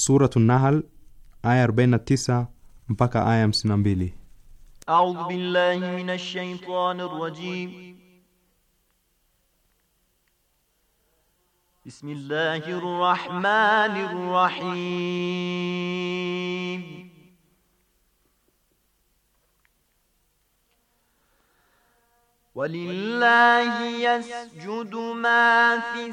Suratu Nahal aya 49 mpaka aya 52. A'udhu billahi minash shaitani rrajim. Bismillahir rahmanir rahim. ولله يسجد ما في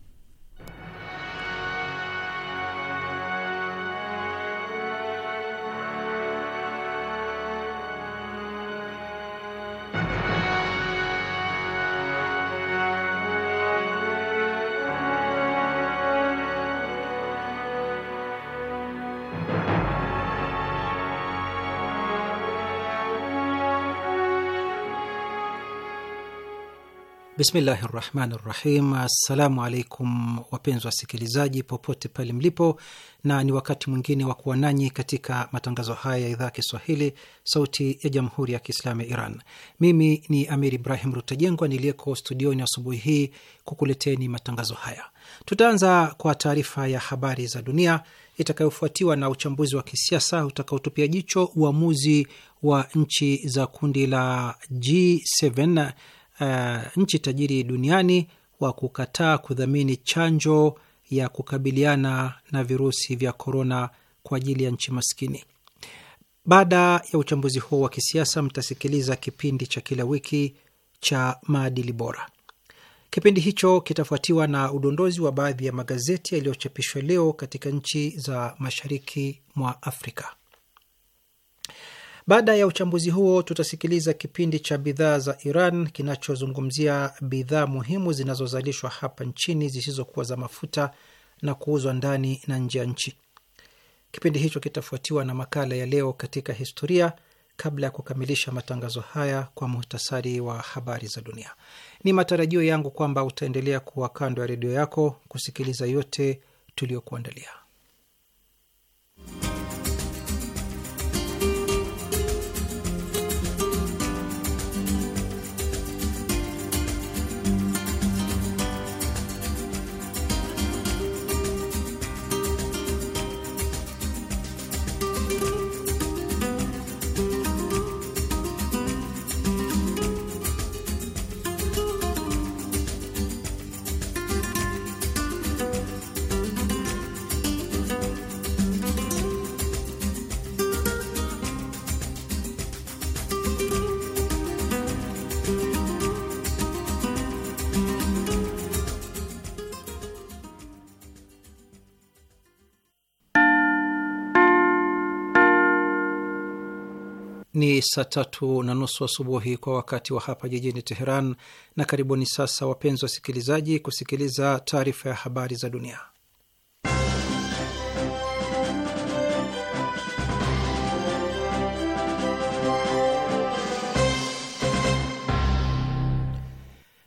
Bismillahi rahmani rahim. Assalamu alaikum wapenzi wasikilizaji popote pale mlipo, na ni wakati mwingine wa kuwa nanyi katika matangazo haya ya idhaa ya Kiswahili, Sauti ya Jamhuri ya Kiislamu ya Iran. Mimi ni Amir Ibrahim Rutajengwa niliyeko studioni asubuhi hii kukuleteni matangazo haya. Tutaanza kwa taarifa ya habari za dunia itakayofuatiwa na uchambuzi wa kisiasa utakaotupia jicho uamuzi wa nchi za kundi la G7 uh, nchi tajiri duniani wa kukataa kudhamini chanjo ya kukabiliana na virusi vya korona kwa ajili ya nchi maskini. Baada ya uchambuzi huo wa kisiasa, mtasikiliza kipindi cha kila wiki cha maadili bora. Kipindi hicho kitafuatiwa na udondozi wa baadhi ya magazeti yaliyochapishwa leo katika nchi za mashariki mwa Afrika. Baada ya uchambuzi huo, tutasikiliza kipindi cha bidhaa za Iran kinachozungumzia bidhaa muhimu zinazozalishwa hapa nchini zisizokuwa za mafuta na kuuzwa ndani na nje ya nchi. Kipindi hicho kitafuatiwa na makala ya leo katika historia, kabla ya kukamilisha matangazo haya kwa muhtasari wa habari za dunia. Ni matarajio yangu kwamba utaendelea kuwa kando ya redio yako kusikiliza yote tuliyokuandalia. saa tatu na nusu asubuhi wa kwa wakati wa hapa jijini Teheran, na karibuni sasa, wapenzi wasikilizaji, kusikiliza taarifa ya habari za dunia.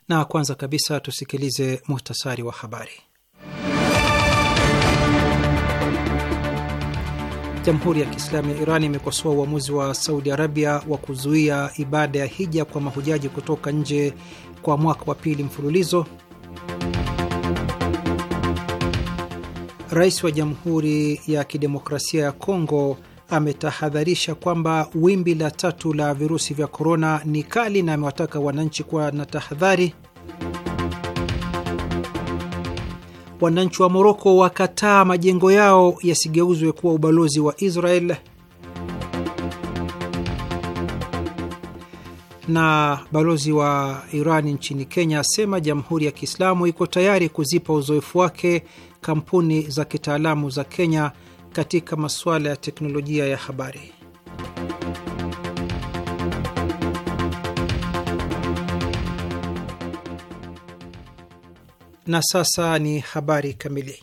Na kwanza kabisa tusikilize muhtasari wa habari. Jamhuri ya Kiislamu ya Iran imekosoa uamuzi wa Saudi Arabia wa kuzuia ibada ya hija kwa mahujaji kutoka nje kwa mwaka wa pili mfululizo. Rais wa Jamhuri ya Kidemokrasia ya Kongo ametahadharisha kwamba wimbi la tatu la virusi vya korona ni kali na amewataka wananchi kuwa na tahadhari. wananchi wa Moroko wakataa majengo yao yasigeuzwe kuwa ubalozi wa Israel, na balozi wa Iran nchini Kenya asema Jamhuri ya Kiislamu iko tayari kuzipa uzoefu wake kampuni za kitaalamu za Kenya katika masuala ya teknolojia ya habari. Na sasa ni habari kamili.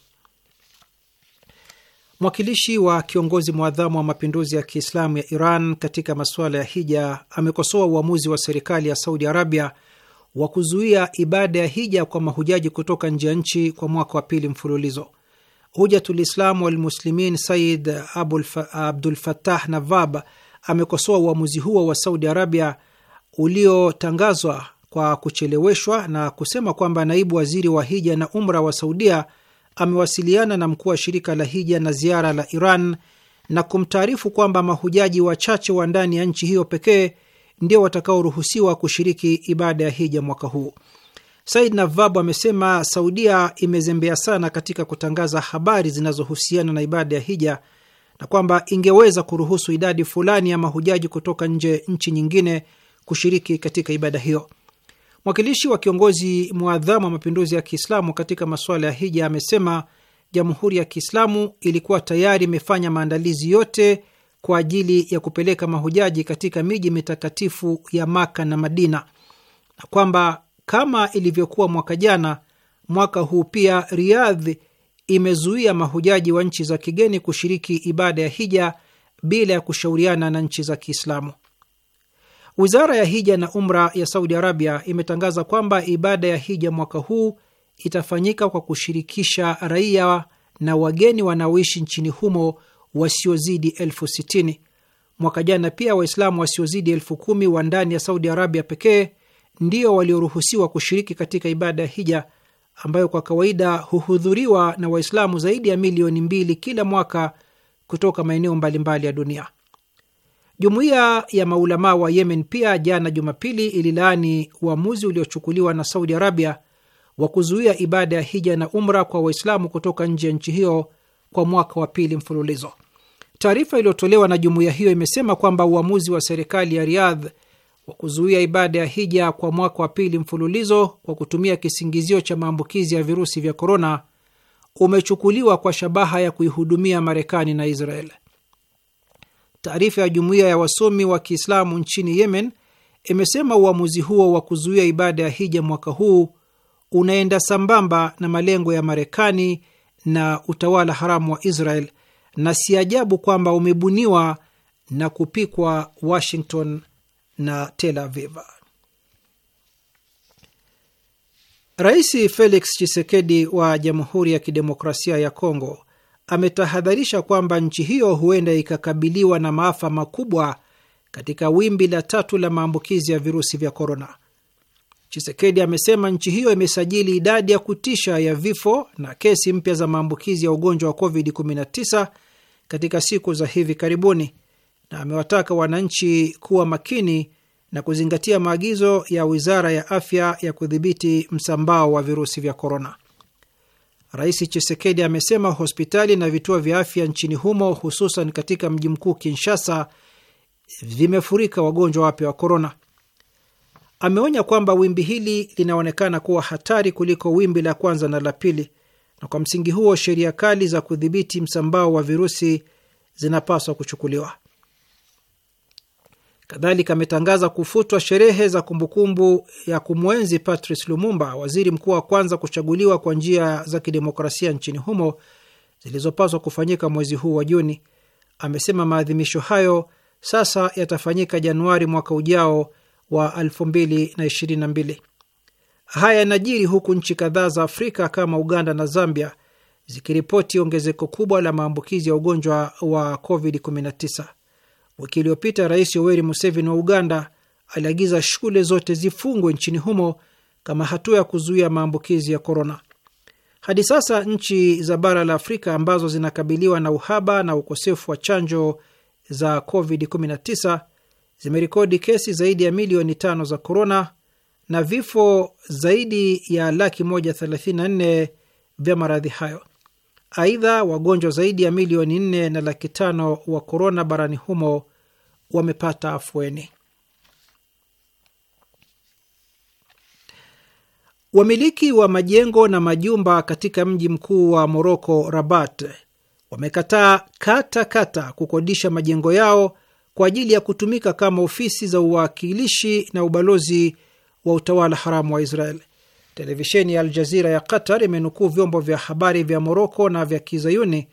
Mwakilishi wa kiongozi mwadhamu wa mapinduzi ya Kiislamu ya Iran katika masuala ya hija amekosoa uamuzi wa serikali ya Saudi Arabia wa kuzuia ibada ya hija kwa mahujaji kutoka nje ya nchi kwa mwaka wa pili mfululizo. Hujatulislamu Walmuslimin Said Abdul fatah Navab amekosoa uamuzi huo wa Saudi Arabia uliotangazwa kwa kucheleweshwa na kusema kwamba naibu waziri wa hija na umra wa Saudia amewasiliana na mkuu wa shirika la hija na ziara la Iran na kumtaarifu kwamba mahujaji wachache wa ndani ya nchi hiyo pekee ndio watakaoruhusiwa kushiriki ibada ya hija mwaka huu. Said Navabu amesema Saudia imezembea sana katika kutangaza habari zinazohusiana na ibada ya hija na kwamba ingeweza kuruhusu idadi fulani ya mahujaji kutoka nje nchi nyingine kushiriki katika ibada hiyo. Mwakilishi wa kiongozi mwadhamu wa mapinduzi ya Kiislamu katika masuala ya hija amesema jamhuri ya Kiislamu ilikuwa tayari imefanya maandalizi yote kwa ajili ya kupeleka mahujaji katika miji mitakatifu ya Maka na Madina, na kwamba kama ilivyokuwa mwaka jana, mwaka huu pia Riyadh imezuia mahujaji wa nchi za kigeni kushiriki ibada ya hija bila ya kushauriana na nchi za Kiislamu. Wizara ya hija na umra ya Saudi Arabia imetangaza kwamba ibada ya hija mwaka huu itafanyika kwa kushirikisha raia na wageni wanaoishi nchini humo wasiozidi elfu sitini. Mwaka jana pia Waislamu wasiozidi elfu kumi wa ndani ya Saudi Arabia pekee ndio walioruhusiwa kushiriki katika ibada ya hija ambayo kwa kawaida huhudhuriwa na Waislamu zaidi ya milioni mbili kila mwaka kutoka maeneo mbalimbali ya dunia. Jumuiya ya maulamaa wa Yemen pia jana Jumapili ililaani uamuzi uliochukuliwa na Saudi Arabia wa kuzuia ibada ya hija na umra kwa Waislamu kutoka nje ya nchi hiyo kwa mwaka wa pili mfululizo. Taarifa iliyotolewa na jumuiya hiyo imesema kwamba uamuzi wa serikali ya Riyadh wa kuzuia ibada ya hija kwa mwaka wa pili mfululizo kwa kutumia kisingizio cha maambukizi ya virusi vya korona umechukuliwa kwa shabaha ya kuihudumia Marekani na Israel. Taarifa ya jumuiya ya wasomi wa Kiislamu nchini Yemen imesema uamuzi huo wa kuzuia ibada ya hija mwaka huu unaenda sambamba na malengo ya Marekani na utawala haramu wa Israel na si ajabu kwamba umebuniwa na kupikwa Washington na Tel Aviv. Rais Felix Tshisekedi wa Jamhuri ya Kidemokrasia ya Kongo ametahadharisha kwamba nchi hiyo huenda ikakabiliwa na maafa makubwa katika wimbi la tatu la maambukizi ya virusi vya korona. Chisekedi amesema nchi hiyo imesajili idadi ya kutisha ya vifo na kesi mpya za maambukizi ya ugonjwa wa COVID-19 katika siku za hivi karibuni, na amewataka wananchi kuwa makini na kuzingatia maagizo ya wizara ya afya ya kudhibiti msambao wa virusi vya korona. Rais Chisekedi amesema hospitali na vituo vya afya nchini humo hususan katika mji mkuu Kinshasa vimefurika wagonjwa wapya wa korona. Ameonya kwamba wimbi hili linaonekana kuwa hatari kuliko wimbi la kwanza na la pili, na kwa msingi huo sheria kali za kudhibiti msambao wa virusi zinapaswa kuchukuliwa. Kadhalika ametangaza kufutwa sherehe za kumbukumbu ya kumwenzi Patrice Lumumba, waziri mkuu wa kwanza kuchaguliwa kwa njia za kidemokrasia nchini humo, zilizopaswa kufanyika mwezi huu wa Juni. Amesema maadhimisho hayo sasa yatafanyika Januari mwaka ujao wa 2022. Haya yanajiri huku nchi kadhaa za Afrika kama Uganda na Zambia zikiripoti ongezeko kubwa la maambukizi ya ugonjwa wa COVID-19. Wiki iliyopita Rais Yoweri Museveni wa Uganda aliagiza shule zote zifungwe nchini humo kama hatua ya kuzuia maambukizi ya korona. Hadi sasa nchi za bara la Afrika ambazo zinakabiliwa na uhaba na ukosefu wa chanjo za COVID-19 zimerekodi kesi zaidi ya milioni tano za korona na vifo zaidi ya laki moja thelathini na nne vya maradhi hayo. Aidha, wagonjwa zaidi ya milioni nne na laki tano wa korona barani humo wamepata afueni. Wamiliki wa majengo na majumba katika mji mkuu wa Moroko, Rabat, wamekataa kata kata kukodisha majengo yao kwa ajili ya kutumika kama ofisi za uwakilishi na ubalozi wa utawala haramu wa Israel. Televisheni ya Aljazira ya Qatar imenukuu vyombo vya habari vya Moroko na vya kizayuni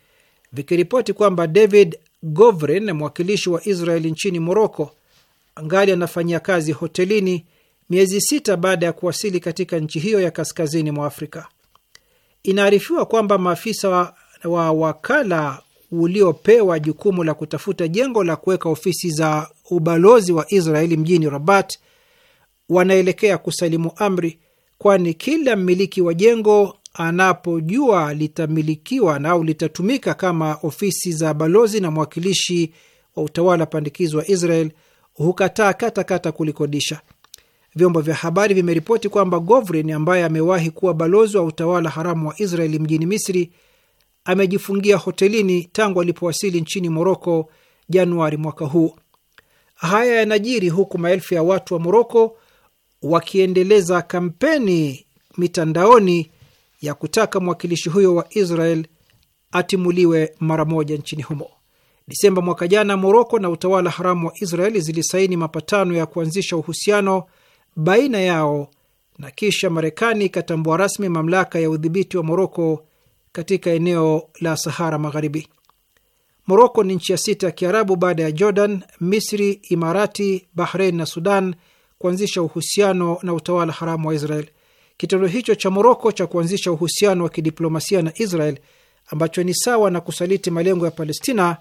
vikiripoti kwamba David Govrin, mwakilishi wa Israeli nchini Moroko, angali anafanyia kazi hotelini miezi sita baada ya kuwasili katika nchi hiyo ya kaskazini mwa Afrika. Inaarifiwa kwamba maafisa wa, wa wakala uliopewa jukumu la kutafuta jengo la kuweka ofisi za ubalozi wa Israeli mjini Rabat wanaelekea kusalimu amri, kwani kila mmiliki wa jengo anapojua litamilikiwa na au litatumika kama ofisi za balozi na mwakilishi wa utawala pandikizi wa Israel hukataa katakata kulikodisha. Vyombo vya habari vimeripoti kwamba Govrin ambaye amewahi kuwa balozi wa utawala haramu wa israel mjini Misri amejifungia hotelini tangu alipowasili nchini Moroko Januari mwaka huu. Haya yanajiri huku maelfu ya watu wa Moroko wakiendeleza kampeni mitandaoni ya kutaka mwakilishi huyo wa Israel atimuliwe mara moja nchini humo. Desemba mwaka jana, Moroko na utawala haramu wa Israel zilisaini mapatano ya kuanzisha uhusiano baina yao na kisha Marekani ikatambua rasmi mamlaka ya udhibiti wa Moroko katika eneo la Sahara Magharibi. Moroko ni nchi ya sita ya Kiarabu baada ya Jordan, Misri, Imarati, Bahrein na Sudan kuanzisha uhusiano na utawala haramu wa Israel. Kitendo hicho cha Moroko cha kuanzisha uhusiano wa kidiplomasia na Israel ambacho ni sawa na kusaliti malengo ya Palestina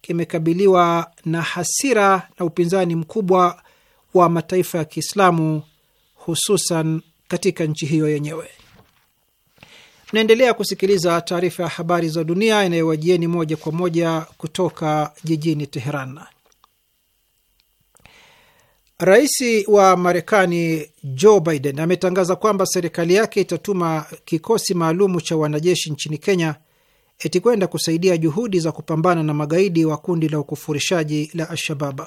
kimekabiliwa na hasira na upinzani mkubwa wa mataifa ya Kiislamu hususan katika nchi hiyo yenyewe. Mnaendelea kusikiliza taarifa ya habari za dunia inayowajieni moja kwa moja kutoka jijini Teheran. Rais wa Marekani Joe Biden ametangaza kwamba serikali yake itatuma kikosi maalumu cha wanajeshi nchini Kenya eti kwenda kusaidia juhudi za kupambana na magaidi wa kundi la ukufurishaji la al-shabab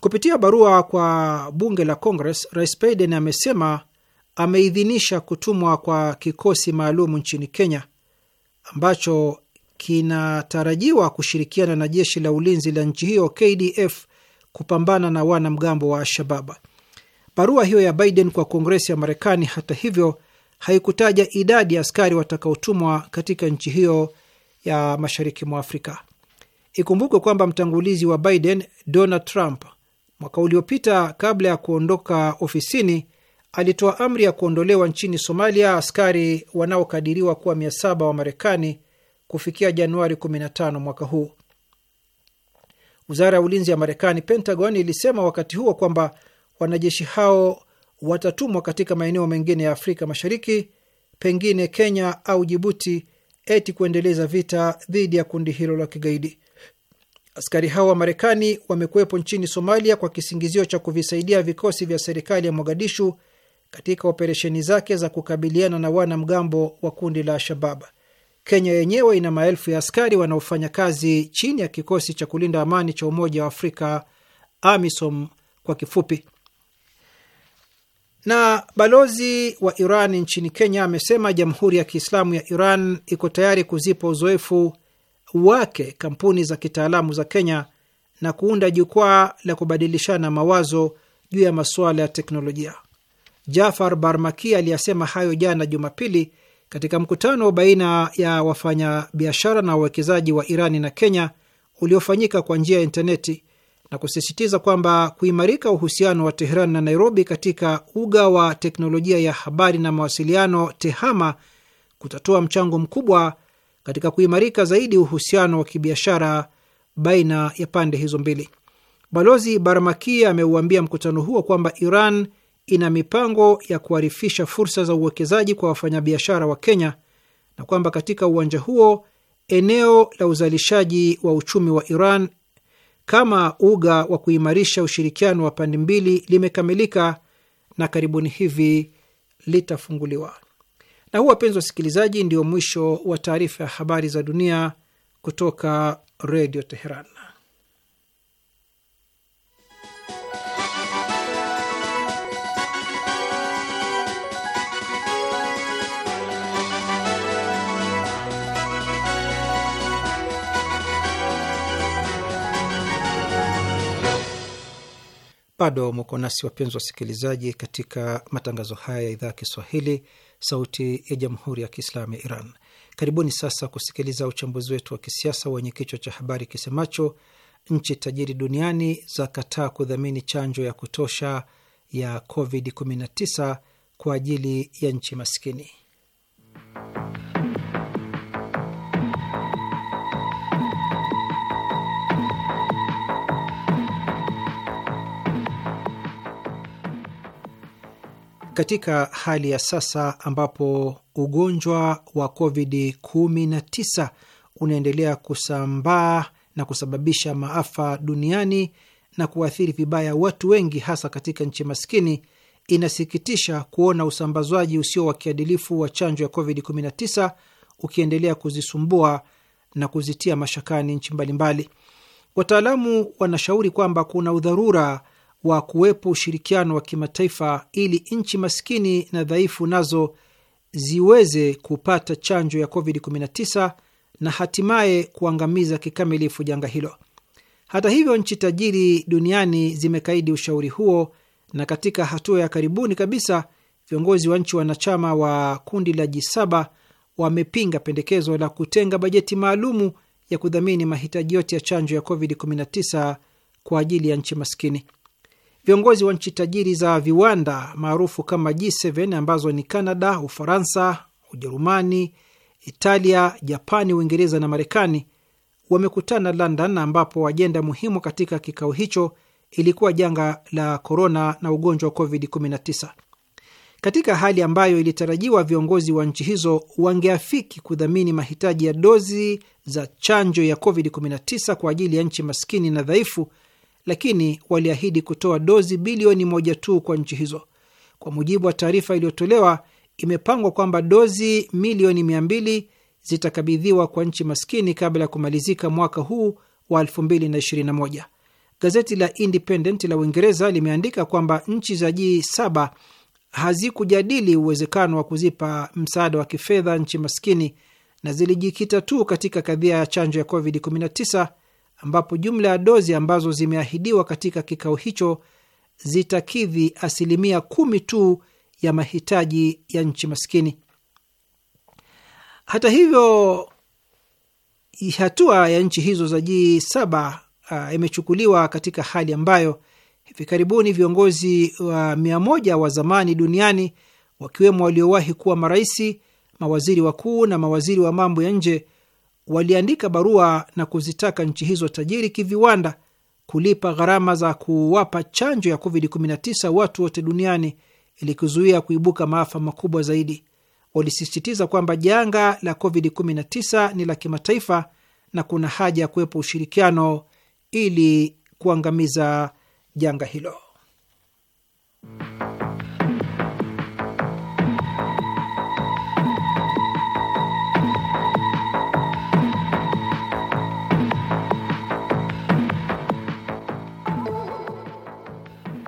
Kupitia barua kwa bunge la Congress, Rais Biden amesema ameidhinisha kutumwa kwa kikosi maalum nchini Kenya ambacho kinatarajiwa kushirikiana na jeshi la ulinzi la nchi hiyo KDF kupambana na wanamgambo wa Alshababa. Barua hiyo ya Biden kwa Kongresi ya Marekani, hata hivyo, haikutaja idadi ya askari watakaotumwa katika nchi hiyo ya mashariki mwa Afrika. Ikumbukwe kwamba mtangulizi wa Biden, Donald Trump, mwaka uliopita kabla ya kuondoka ofisini alitoa amri ya kuondolewa nchini Somalia askari wanaokadiriwa kuwa mia saba wa Marekani kufikia Januari 15 mwaka huu. Wizara ya ulinzi ya Marekani, Pentagon, ilisema wakati huo kwamba wanajeshi hao watatumwa katika maeneo mengine ya Afrika Mashariki, pengine Kenya au Jibuti, eti kuendeleza vita dhidi ya kundi hilo la kigaidi. Askari hao wa Marekani wamekuwepo nchini Somalia kwa kisingizio cha kuvisaidia vikosi vya serikali ya Mogadishu katika operesheni zake za kukabiliana na wanamgambo wa kundi la Al-Shabab. Kenya yenyewe ina maelfu ya askari wanaofanya kazi chini ya kikosi cha kulinda amani cha Umoja wa Afrika, AMISOM kwa kifupi. Na balozi wa Iran nchini Kenya amesema Jamhuri ya Kiislamu ya Iran iko tayari kuzipa uzoefu wake kampuni za kitaalamu za Kenya na kuunda jukwaa la kubadilishana mawazo juu ya masuala ya teknolojia. Jafar Barmaki aliyasema hayo jana Jumapili katika mkutano baina ya wafanyabiashara na wawekezaji wa Irani na Kenya uliofanyika kwa njia ya intaneti na kusisitiza kwamba kuimarika uhusiano wa Teheran na Nairobi katika uga wa teknolojia ya habari na mawasiliano TEHAMA kutatoa mchango mkubwa katika kuimarika zaidi uhusiano wa kibiashara baina ya pande hizo mbili. Balozi Barmaki ameuambia mkutano huo kwamba Iran ina mipango ya kuharifisha fursa za uwekezaji kwa wafanyabiashara wa Kenya na kwamba katika uwanja huo eneo la uzalishaji wa uchumi wa Iran kama uga wa kuimarisha ushirikiano wa pande mbili limekamilika na karibuni hivi litafunguliwa. Na huu, wapenzi wasikilizaji, ndio mwisho wa taarifa ya habari za dunia kutoka Redio Teheran. Bado muko nasi wapenzi wasikilizaji, katika matangazo haya ya idhaa ya Kiswahili, sauti ya jamhuri ya kiislamu ya Iran. Karibuni sasa kusikiliza uchambuzi wetu wa kisiasa wenye kichwa cha habari kisemacho nchi tajiri duniani za kataa kudhamini chanjo ya kutosha ya COVID-19 kwa ajili ya nchi maskini. katika hali ya sasa ambapo ugonjwa wa COVID-19 unaendelea kusambaa na kusababisha maafa duniani na kuathiri vibaya watu wengi, hasa katika nchi maskini, inasikitisha kuona usambazwaji usio wa kiadilifu wa chanjo ya COVID-19 ukiendelea kuzisumbua na kuzitia mashakani nchi mbalimbali. Wataalamu wanashauri kwamba kuna udharura wa kuwepo ushirikiano wa kimataifa ili nchi maskini na dhaifu nazo ziweze kupata chanjo ya COVID-19 na hatimaye kuangamiza kikamilifu janga hilo. Hata hivyo, nchi tajiri duniani zimekaidi ushauri huo, na katika hatua ya karibuni kabisa viongozi wa nchi wanachama wa kundi la G7 wamepinga pendekezo la kutenga bajeti maalumu ya kudhamini mahitaji yote ya chanjo ya COVID-19 kwa ajili ya nchi maskini. Viongozi wa nchi tajiri za viwanda maarufu kama G7 ambazo ni Canada, Ufaransa, Ujerumani, Italia, Japani, Uingereza na Marekani wamekutana London, ambapo ajenda muhimu katika kikao hicho ilikuwa janga la korona na ugonjwa wa COVID-19. Katika hali ambayo ilitarajiwa viongozi wa nchi hizo wangeafiki kudhamini mahitaji ya dozi za chanjo ya COVID-19 kwa ajili ya nchi maskini na dhaifu lakini waliahidi kutoa dozi bilioni moja tu kwa nchi hizo. Kwa mujibu wa taarifa iliyotolewa, imepangwa kwamba dozi milioni mia mbili zitakabidhiwa kwa nchi maskini kabla ya kumalizika mwaka huu wa 2021. Gazeti la Independent la Uingereza limeandika kwamba nchi za jii saba hazikujadili uwezekano wa kuzipa msaada wa kifedha nchi maskini na zilijikita tu katika kadhia ya chanjo ya COVID-19 ambapo jumla ya dozi ambazo zimeahidiwa katika kikao hicho zitakidhi asilimia kumi tu ya mahitaji ya nchi maskini. Hata hivyo, hatua ya nchi hizo za jii saba uh, imechukuliwa katika hali ambayo hivi karibuni viongozi wa mia moja wa zamani duniani wakiwemo waliowahi kuwa maraisi, mawaziri wakuu na mawaziri wa mambo ya nje waliandika barua na kuzitaka nchi hizo tajiri kiviwanda kulipa gharama za kuwapa chanjo ya COVID-19 watu wote duniani ili kuzuia kuibuka maafa makubwa zaidi. Walisisitiza kwamba janga la COVID-19 ni la kimataifa na kuna haja ya kuwepo ushirikiano ili kuangamiza janga hilo.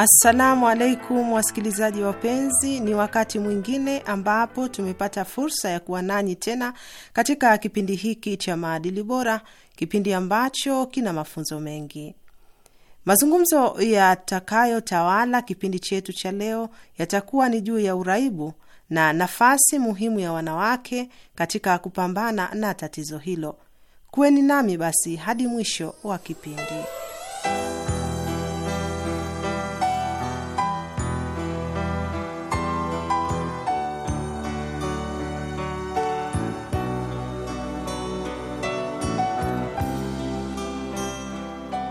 Assalamu alaikum wasikilizaji wapenzi, ni wakati mwingine ambapo tumepata fursa ya kuwa nanyi tena katika kipindi hiki cha maadili bora, kipindi ambacho kina mafunzo mengi. Mazungumzo yatakayotawala kipindi chetu cha leo yatakuwa ni juu ya uraibu na nafasi muhimu ya wanawake katika kupambana na tatizo hilo. Kuweni nami basi hadi mwisho wa kipindi.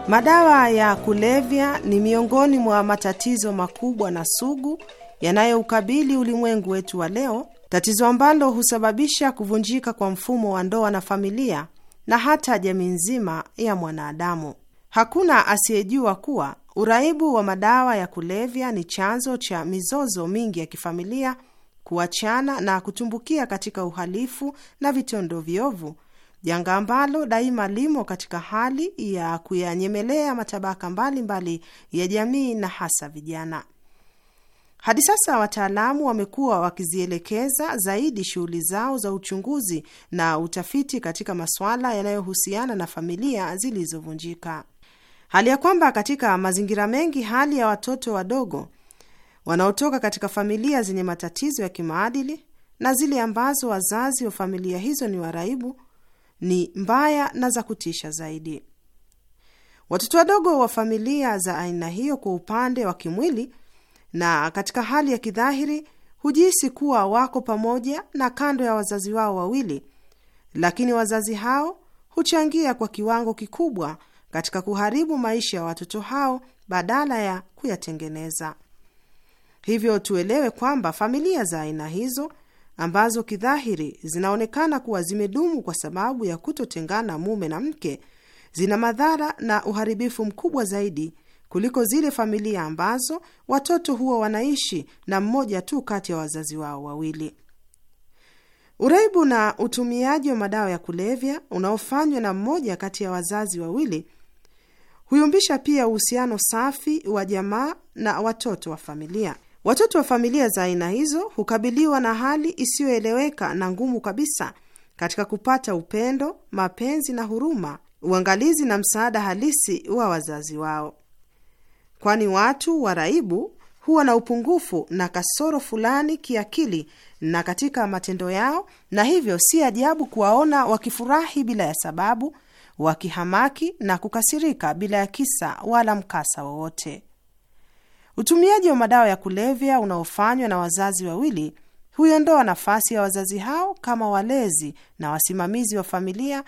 Madawa ya kulevya ni miongoni mwa matatizo makubwa na sugu yanayoukabili ulimwengu wetu wa leo, tatizo ambalo husababisha kuvunjika kwa mfumo wa ndoa na familia na hata jamii nzima ya mwanadamu. Hakuna asiyejua kuwa uraibu wa madawa ya kulevya ni chanzo cha mizozo mingi ya kifamilia, kuachana na kutumbukia katika uhalifu na vitendo viovu janga ambalo daima limo katika hali ya kuyanyemelea matabaka mbalimbali mbali ya jamii na hasa vijana. Hadi sasa wataalamu wamekuwa wakizielekeza zaidi shughuli zao za uchunguzi na utafiti katika masuala yanayohusiana na familia zilizovunjika, hali ya kwamba katika mazingira mengi hali ya watoto wadogo wanaotoka katika familia zenye matatizo ya kimaadili na zile ambazo wazazi wa familia hizo ni waraibu ni mbaya na za kutisha zaidi. Watoto wadogo wa familia za aina hiyo, kwa upande wa kimwili na katika hali ya kidhahiri, hujihisi kuwa wako pamoja na kando ya wazazi wao wawili, lakini wazazi hao huchangia kwa kiwango kikubwa katika kuharibu maisha ya watoto hao badala ya kuyatengeneza. Hivyo tuelewe kwamba familia za aina hizo ambazo kidhahiri zinaonekana kuwa zimedumu kwa sababu ya kutotengana mume na mke, zina madhara na uharibifu mkubwa zaidi kuliko zile familia ambazo watoto huwa wanaishi na mmoja tu kati ya wazazi wao wawili. Uraibu na utumiaji wa madawa ya kulevya unaofanywa na mmoja kati ya wazazi wawili huyumbisha pia uhusiano safi wa jamaa na watoto wa familia. Watoto wa familia za aina hizo hukabiliwa na hali isiyoeleweka na ngumu kabisa katika kupata upendo, mapenzi na huruma, uangalizi na msaada halisi wa wazazi wao, kwani watu waraibu huwa na upungufu na kasoro fulani kiakili na katika matendo yao, na hivyo si ajabu kuwaona wakifurahi bila ya sababu, wakihamaki na kukasirika bila ya kisa wala mkasa wowote. Utumiaji wa madawa ya kulevya unaofanywa na wazazi wawili huiondoa nafasi ya wazazi hao kama walezi na wasimamizi wa familia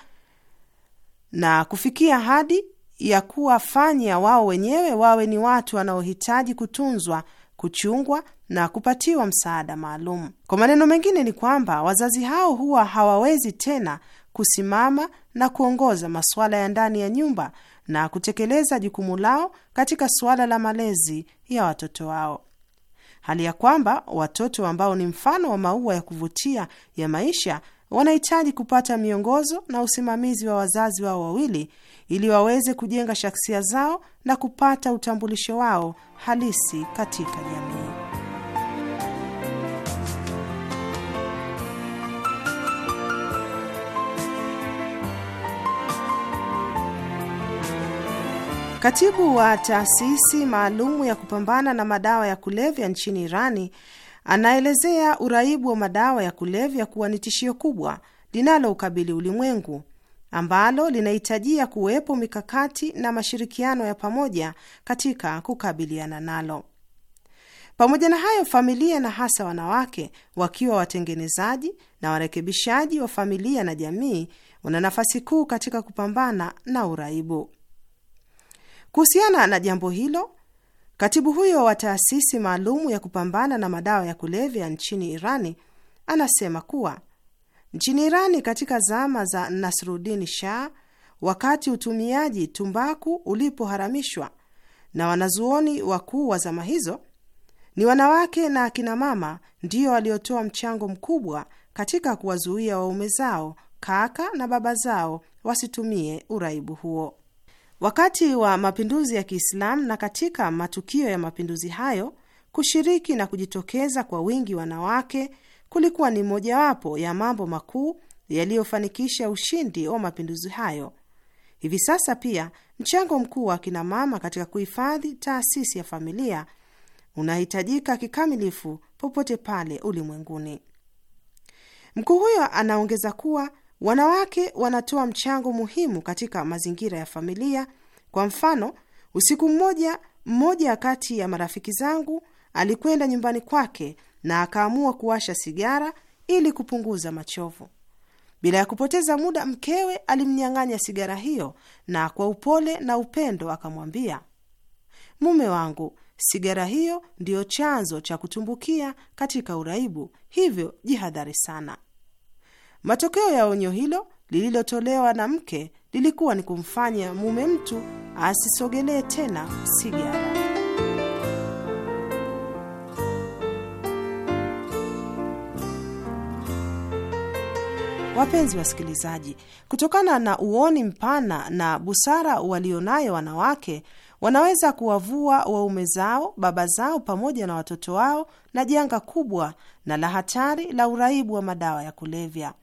na kufikia hadi ya kuwafanya wao wenyewe wawe ni watu wanaohitaji kutunzwa, kuchungwa na kupatiwa msaada maalum. Kwa maneno mengine, ni kwamba wazazi hao huwa hawawezi tena kusimama na kuongoza masuala ya ndani ya nyumba na kutekeleza jukumu lao katika suala la malezi ya watoto wao, hali ya kwamba watoto ambao ni mfano wa maua ya kuvutia ya maisha wanahitaji kupata miongozo na usimamizi wa wazazi wao wawili ili waweze kujenga shaksia zao na kupata utambulisho wao halisi katika jamii. Katibu wa taasisi maalumu ya kupambana na madawa ya kulevya nchini Irani anaelezea uraibu wa madawa ya kulevya kuwa ni tishio kubwa linaloukabili ulimwengu ambalo linahitajia kuwepo mikakati na mashirikiano ya pamoja katika kukabiliana nalo. Pamoja na hayo, familia na hasa wanawake, wakiwa watengenezaji na warekebishaji wa familia na jamii, wana nafasi kuu katika kupambana na uraibu. Kuhusiana na jambo hilo, katibu huyo wa taasisi maalumu ya kupambana na madawa ya kulevya nchini Irani anasema kuwa nchini Irani katika zama za Nasrudini Shah, wakati utumiaji tumbaku ulipoharamishwa na wanazuoni wakuu wa zama hizo, ni wanawake na akinamama ndiyo waliotoa mchango mkubwa katika kuwazuia waume zao, kaka na baba zao wasitumie uraibu huo wakati wa mapinduzi ya Kiislamu na katika matukio ya mapinduzi hayo, kushiriki na kujitokeza kwa wingi wanawake kulikuwa ni mojawapo ya mambo makuu yaliyofanikisha ushindi wa mapinduzi hayo. Hivi sasa pia mchango mkuu wa kinamama katika kuhifadhi taasisi ya familia unahitajika kikamilifu popote pale ulimwenguni. Mkuu huyo anaongeza kuwa Wanawake wanatoa mchango muhimu katika mazingira ya familia. Kwa mfano, usiku mmoja, mmoja kati ya marafiki zangu alikwenda nyumbani kwake na akaamua kuwasha sigara ili kupunguza machovu. Bila ya kupoteza muda, mkewe alimnyang'anya sigara hiyo, na kwa upole na upendo akamwambia, mume wangu, sigara hiyo ndiyo chanzo cha kutumbukia katika uraibu, hivyo jihadhari sana. Matokeo ya onyo hilo lililotolewa na mke lilikuwa ni kumfanya mume mtu asisogelee tena sigara. Wapenzi wasikilizaji, kutokana na uoni mpana na busara walionayo wanawake, wanaweza kuwavua waume zao, baba zao, pamoja na watoto wao na janga kubwa na la hatari la uraibu wa madawa ya kulevya.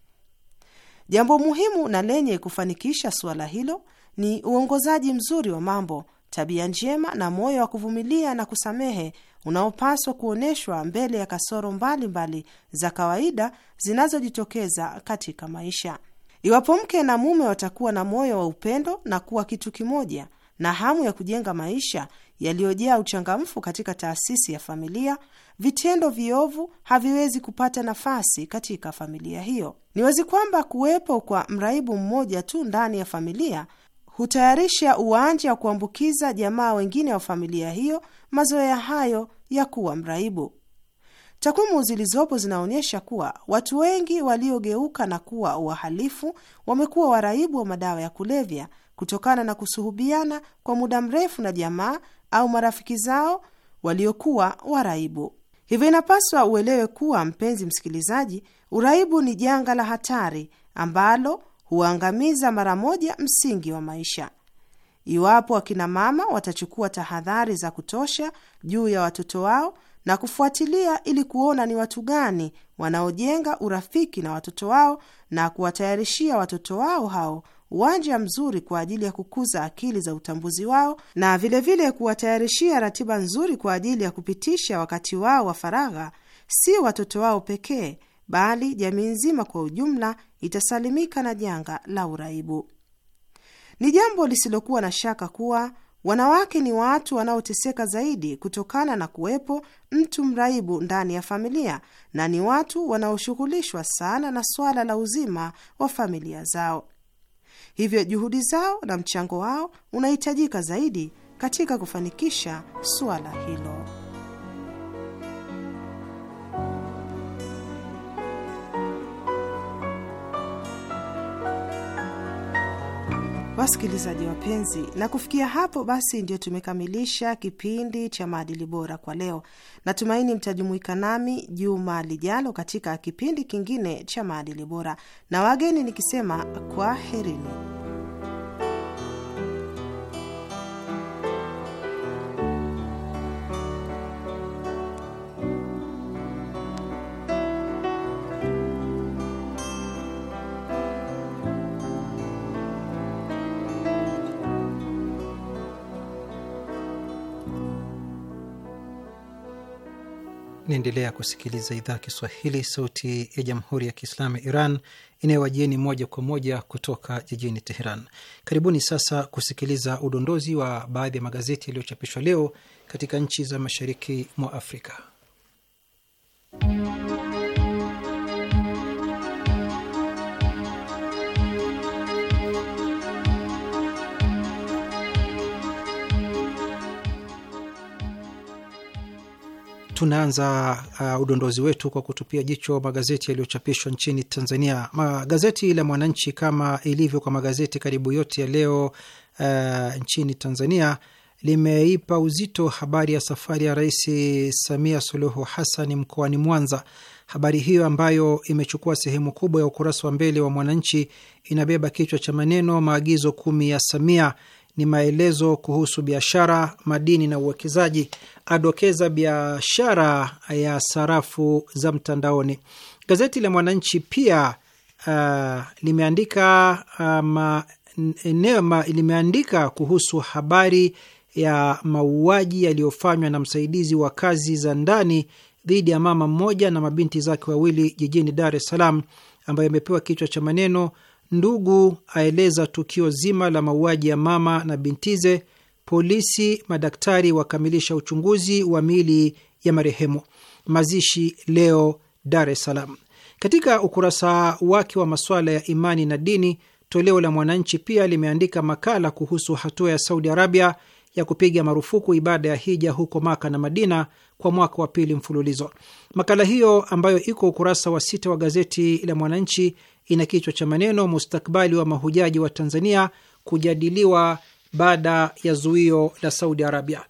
Jambo muhimu na lenye kufanikisha suala hilo ni uongozaji mzuri wa mambo, tabia njema na moyo wa kuvumilia na kusamehe unaopaswa kuonyeshwa mbele ya kasoro mbalimbali mbali za kawaida zinazojitokeza katika maisha. Iwapo mke na mume watakuwa na moyo wa upendo na kuwa kitu kimoja na hamu ya kujenga maisha yaliyojaa uchangamfu katika taasisi ya familia, vitendo viovu haviwezi kupata nafasi katika familia hiyo. Ni wazi kwamba kuwepo kwa mraibu mmoja tu ndani ya familia hutayarisha uwanja wa kuambukiza jamaa wengine wa familia hiyo mazoea hayo ya kuwa mraibu. Takwimu zilizopo zinaonyesha kuwa watu wengi waliogeuka na kuwa wahalifu wamekuwa waraibu wa madawa ya kulevya kutokana na kusuhubiana kwa muda mrefu na jamaa au marafiki zao waliokuwa waraibu. Hivyo inapaswa uelewe kuwa, mpenzi msikilizaji, uraibu ni janga la hatari ambalo huangamiza mara moja msingi wa maisha. Iwapo akina mama watachukua tahadhari za kutosha juu ya watoto wao na kufuatilia ili kuona ni watu gani wanaojenga urafiki na watoto wao na kuwatayarishia watoto wao hao uwanja mzuri kwa ajili ya kukuza akili za utambuzi wao na vilevile kuwatayarishia ratiba nzuri kwa ajili ya kupitisha wakati wao wa faragha. Si watoto wao pekee, bali jamii nzima kwa ujumla itasalimika na janga la uraibu. Ni jambo lisilokuwa na shaka kuwa wanawake ni watu wanaoteseka zaidi kutokana na kuwepo mtu mraibu ndani ya familia na ni watu wanaoshughulishwa sana na swala la uzima wa familia zao. Hivyo juhudi zao na mchango wao unahitajika zaidi katika kufanikisha suala hilo. Wasikilizaji wapenzi, na kufikia hapo basi ndio tumekamilisha kipindi cha maadili bora kwa leo. Natumaini mtajumuika nami juma lijalo katika kipindi kingine cha maadili bora, na wageni nikisema kwaherini. Naendelea kusikiliza idhaa Kiswahili sauti ya jamhuri ya kiislamu ya Iran inayowajieni moja kwa moja kutoka jijini Teheran. Karibuni sasa kusikiliza udondozi wa baadhi ya magazeti yaliyochapishwa leo katika nchi za mashariki mwa Afrika. Tunaanza uh, udondozi wetu kwa kutupia jicho magazeti yaliyochapishwa nchini Tanzania. Gazeti la Mwananchi, kama ilivyo kwa magazeti karibu yote ya leo uh, nchini Tanzania, limeipa uzito habari ya safari ya Rais Samia Suluhu Hassan mkoani Mwanza. Habari hiyo ambayo imechukua sehemu kubwa ya ukurasa wa mbele wa Mwananchi inabeba kichwa cha maneno maagizo kumi ya Samia ni maelezo kuhusu biashara, madini na uwekezaji, adokeza biashara ya sarafu za mtandaoni. Gazeti la Mwananchi pia uh, limeandika uh, ma, ma, limeandika kuhusu habari ya mauaji yaliyofanywa na msaidizi wa kazi za ndani dhidi ya mama mmoja na mabinti zake wawili jijini Dar es Salaam, ambayo imepewa kichwa cha maneno Ndugu aeleza tukio zima la mauaji ya mama na bintize. Polisi, madaktari wakamilisha uchunguzi wa miili ya marehemu. Mazishi leo Dar es Salaam. Katika ukurasa wake wa masuala ya imani na dini, toleo la Mwananchi pia limeandika makala kuhusu hatua ya Saudi Arabia ya kupiga marufuku ibada ya hija huko Maka na Madina kwa mwaka wa pili mfululizo. Makala hiyo ambayo iko ukurasa wa sita wa gazeti la Mwananchi ina kichwa cha maneno mustakbali wa mahujaji wa Tanzania kujadiliwa baada ya zuio la Saudi Arabia.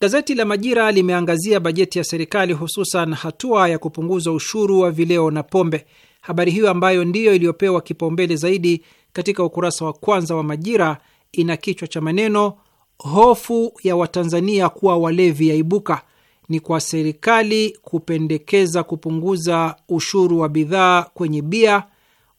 Gazeti la Majira limeangazia bajeti ya serikali, hususan hatua ya kupunguza ushuru wa vileo na pombe. Habari hiyo ambayo ndiyo iliyopewa kipaumbele zaidi katika ukurasa wa kwanza wa Majira ina kichwa cha maneno hofu ya Watanzania kuwa walevi yaibuka, ni kwa serikali kupendekeza kupunguza ushuru wa bidhaa kwenye bia,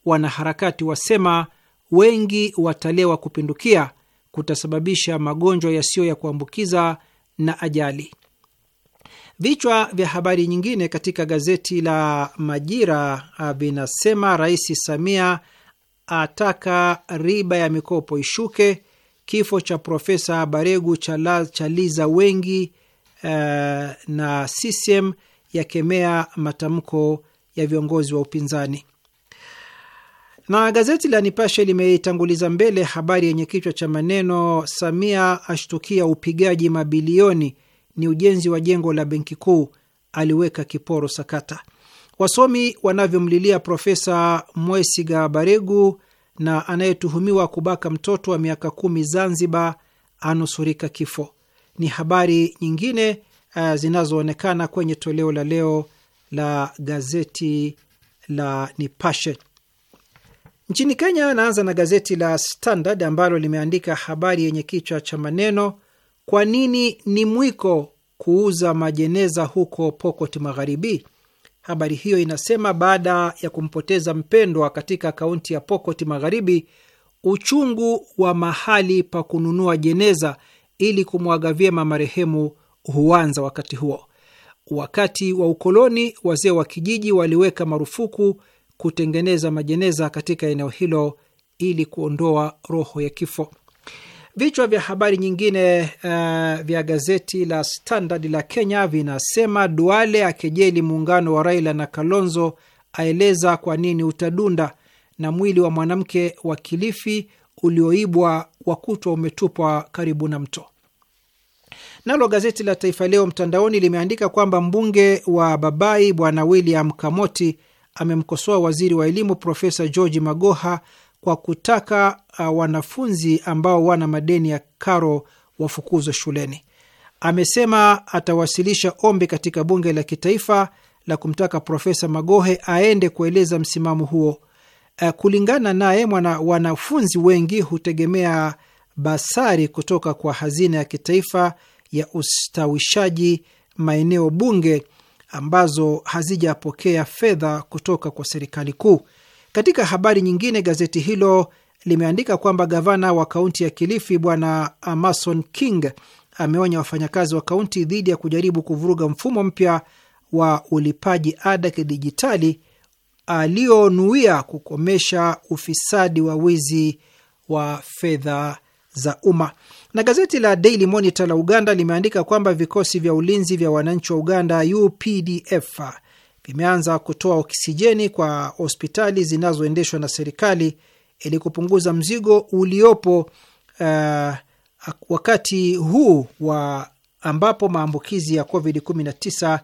wanaharakati wasema wengi watalewa kupindukia kutasababisha magonjwa yasiyo ya kuambukiza na ajali. Vichwa vya habari nyingine katika gazeti la Majira ah, vinasema Rais Samia ataka riba ya mikopo ishuke, kifo cha Profesa Baregu chaliza wengi, uh, na CCM yakemea matamko ya viongozi wa upinzani. Na gazeti la Nipashe limeitanguliza mbele habari yenye kichwa cha maneno Samia ashtukia upigaji mabilioni ni ujenzi wa jengo la benki kuu, aliweka kiporo sakata. Wasomi wanavyomlilia Profesa Mwesiga Baregu na anayetuhumiwa kubaka mtoto wa miaka kumi Zanzibar anusurika kifo ni habari nyingine uh, zinazoonekana kwenye toleo la leo la gazeti la Nipashe. Nchini Kenya, anaanza na gazeti la Standard ambalo limeandika habari yenye kichwa cha maneno, kwa nini ni mwiko kuuza majeneza huko Pokot Magharibi? Habari hiyo inasema baada ya kumpoteza mpendwa katika kaunti ya Pokot Magharibi, uchungu wa mahali pa kununua jeneza ili kumwaga vyema marehemu huanza wakati huo. Wakati wa ukoloni, wazee wa kijiji waliweka marufuku kutengeneza majeneza katika eneo hilo ili kuondoa roho ya kifo. Vichwa vya habari nyingine uh, vya gazeti la Standard la Kenya vinasema Duale akejeli muungano wa Raila na Kalonzo, aeleza kwa nini utadunda, na mwili wa mwanamke wa Kilifi ulioibwa wakutwa umetupwa karibu na mto. Nalo gazeti la Taifa Leo mtandaoni limeandika kwamba mbunge wa Babai Bwana William Kamoti amemkosoa waziri wa elimu Profesa George Magoha kwa kutaka uh, wanafunzi ambao wana madeni ya karo wafukuzwe shuleni. Amesema atawasilisha ombi katika bunge la kitaifa la kumtaka Profesa Magohe aende kueleza msimamo huo. Uh, kulingana naye, wanafunzi wengi hutegemea basari kutoka kwa hazina ya kitaifa ya ustawishaji maeneo bunge ambazo hazijapokea fedha kutoka kwa serikali kuu. Katika habari nyingine, gazeti hilo limeandika kwamba gavana wa kaunti ya Kilifi Bwana Amason King ameonya wafanyakazi wa kaunti dhidi ya kujaribu kuvuruga mfumo mpya wa ulipaji ada kidijitali alionuia kukomesha ufisadi wa wizi wa fedha za umma. Na gazeti la Daily Monitor la Uganda limeandika kwamba vikosi vya ulinzi vya wananchi wa Uganda UPDF vimeanza kutoa oksijeni kwa hospitali zinazoendeshwa na serikali ili kupunguza mzigo uliopo uh, wakati huu wa ambapo maambukizi ya COVID-19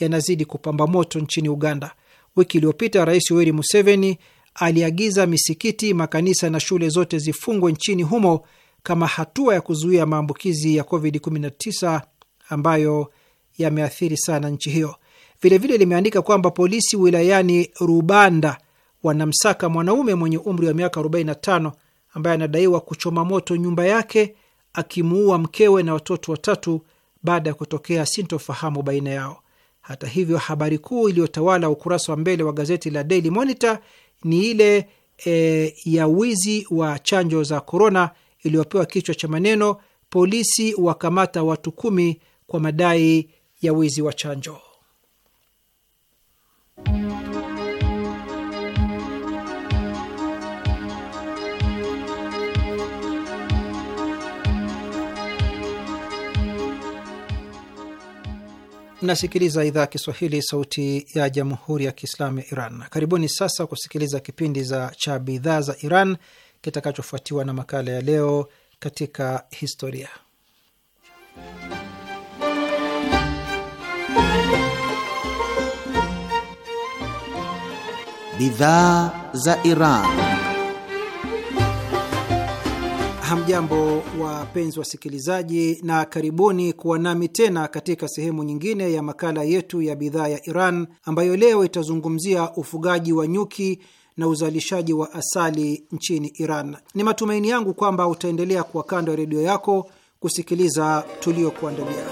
yanazidi kupamba moto nchini Uganda. Wiki iliyopita Rais Yoweri Museveni aliagiza misikiti, makanisa na shule zote zifungwe nchini humo kama hatua ya kuzuia maambukizi ya COVID-19 ambayo yameathiri sana nchi hiyo. Vilevile limeandika kwamba polisi wilayani Rubanda wanamsaka mwanaume mwenye umri wa miaka 45 ambaye anadaiwa kuchoma moto nyumba yake akimuua mkewe na watoto watatu baada ya kutokea sintofahamu baina yao. Hata hivyo, habari kuu iliyotawala ukurasa wa mbele wa gazeti la Daily Monitor ni ile e, ya wizi wa chanjo za korona iliyopewa kichwa cha maneno polisi wakamata watu kumi kwa madai ya wizi wa chanjo. nasikiliza idhaa ya Kiswahili, sauti ya jamhuri ya kiislamu ya Iran. Karibuni sasa kusikiliza kipindi za cha bidhaa za Iran kitakachofuatiwa na makala ya leo katika historia. Bidhaa za Iran. Hamjambo, wapenzi wasikilizaji, na karibuni kuwa nami tena katika sehemu nyingine ya makala yetu ya bidhaa ya Iran ambayo leo itazungumzia ufugaji wa nyuki na uzalishaji wa asali nchini Iran. Ni matumaini yangu kwamba utaendelea kuwa kando ya redio yako kusikiliza tuliokuandalia.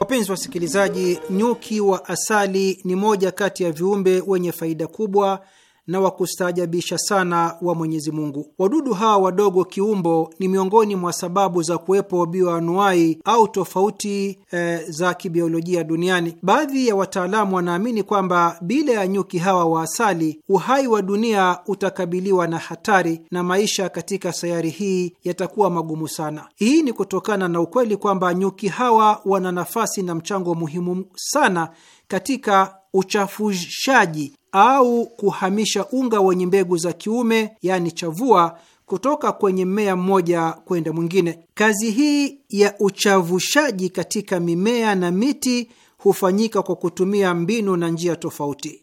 Wapenzi wasikilizaji, nyuki wa asali ni moja kati ya viumbe wenye faida kubwa na wa kustaajabisha sana wa Mwenyezi Mungu. Wadudu hawa wadogo kiumbo ni miongoni mwa sababu za kuwepo bioanuai au tofauti e, za kibiolojia duniani. Baadhi ya wataalamu wanaamini kwamba bila ya nyuki hawa wa asali, uhai wa dunia utakabiliwa na hatari na maisha katika sayari hii yatakuwa magumu sana. Hii ni kutokana na ukweli kwamba nyuki hawa wana nafasi na mchango muhimu sana katika uchafushaji au kuhamisha unga wenye mbegu za kiume, yaani chavua, kutoka kwenye mmea mmoja kwenda mwingine. Kazi hii ya uchavushaji katika mimea na miti hufanyika kwa kutumia mbinu na njia tofauti.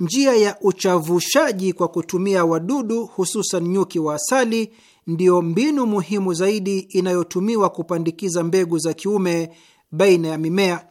Njia ya uchavushaji kwa kutumia wadudu, hususan nyuki wa asali, ndiyo mbinu muhimu zaidi inayotumiwa kupandikiza mbegu za kiume baina ya mimea.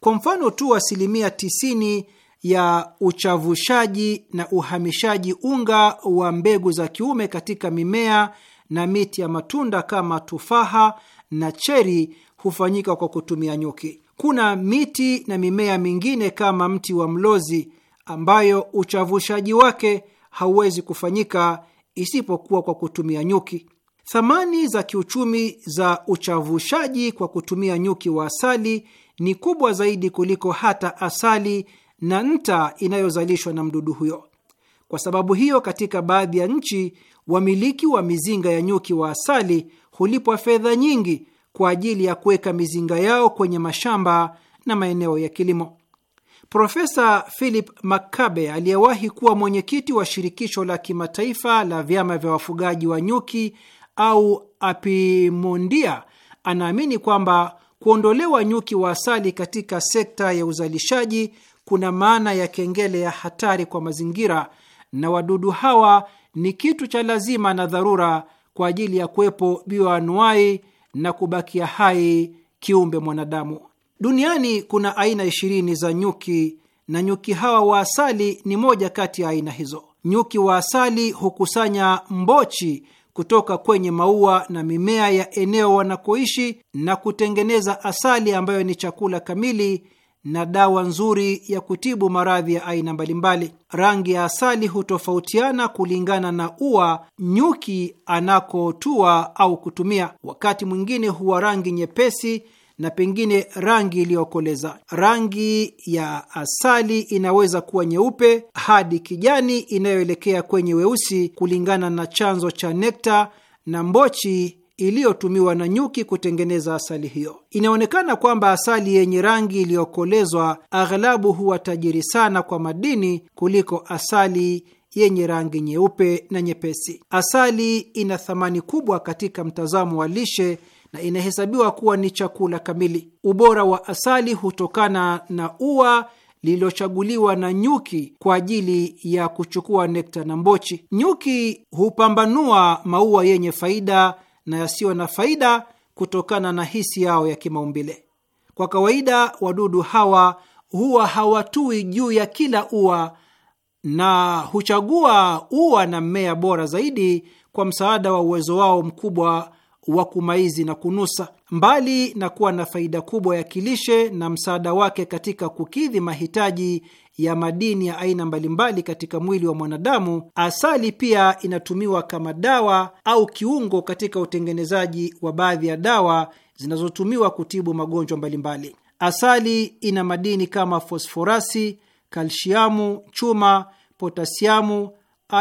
Kwa mfano tu, asilimia 90 ya uchavushaji na uhamishaji unga wa mbegu za kiume katika mimea na miti ya matunda kama tufaha na cheri hufanyika kwa kutumia nyuki. Kuna miti na mimea mingine kama mti wa mlozi ambayo uchavushaji wake hauwezi kufanyika isipokuwa kwa kutumia nyuki. Thamani za kiuchumi za uchavushaji kwa kutumia nyuki wa asali ni kubwa zaidi kuliko hata asali na nta inayozalishwa na mdudu huyo. Kwa sababu hiyo, katika baadhi ya nchi wamiliki wa mizinga ya nyuki wa asali hulipwa fedha nyingi kwa ajili ya kuweka mizinga yao kwenye mashamba na maeneo ya kilimo. Profesa Philip Makabe aliyewahi kuwa mwenyekiti wa shirikisho la kimataifa la vyama vya wafugaji wa nyuki au Apimondia anaamini kwamba kuondolewa nyuki wa asali katika sekta ya uzalishaji kuna maana ya kengele ya hatari kwa mazingira, na wadudu hawa ni kitu cha lazima na dharura kwa ajili ya kuwepo bioanuai na kubakia hai kiumbe mwanadamu. Duniani kuna aina ishirini za nyuki na nyuki hawa wa asali ni moja kati ya aina hizo. Nyuki wa asali hukusanya mbochi kutoka kwenye maua na mimea ya eneo wanakoishi na kutengeneza asali ambayo ni chakula kamili na dawa nzuri ya kutibu maradhi ya aina mbalimbali. Rangi ya asali hutofautiana kulingana na ua nyuki anakotua au kutumia. Wakati mwingine huwa rangi nyepesi na pengine rangi iliyokoleza. Rangi ya asali inaweza kuwa nyeupe hadi kijani inayoelekea kwenye weusi kulingana na chanzo cha nekta na mbochi iliyotumiwa na nyuki kutengeneza asali hiyo. Inaonekana kwamba asali yenye rangi iliyokolezwa aghalabu huwa tajiri sana kwa madini kuliko asali yenye rangi nyeupe na nyepesi. Asali ina thamani kubwa katika mtazamo wa lishe na inahesabiwa kuwa ni chakula kamili. Ubora wa asali hutokana na ua lililochaguliwa na nyuki kwa ajili ya kuchukua nekta na mbochi. Nyuki hupambanua maua yenye faida na yasiyo na faida kutokana na hisi yao ya kimaumbile. Kwa kawaida wadudu hawa huwa hawatui juu ya kila ua na huchagua ua na mmea bora zaidi kwa msaada wa uwezo wao mkubwa wa kumaizi na kunusa. Mbali na kuwa na faida kubwa ya kilishe na msaada wake katika kukidhi mahitaji ya madini ya aina mbalimbali katika mwili wa mwanadamu, asali pia inatumiwa kama dawa au kiungo katika utengenezaji wa baadhi ya dawa zinazotumiwa kutibu magonjwa mbalimbali. Asali ina madini kama fosforasi, kalsiamu, chuma, potasiamu,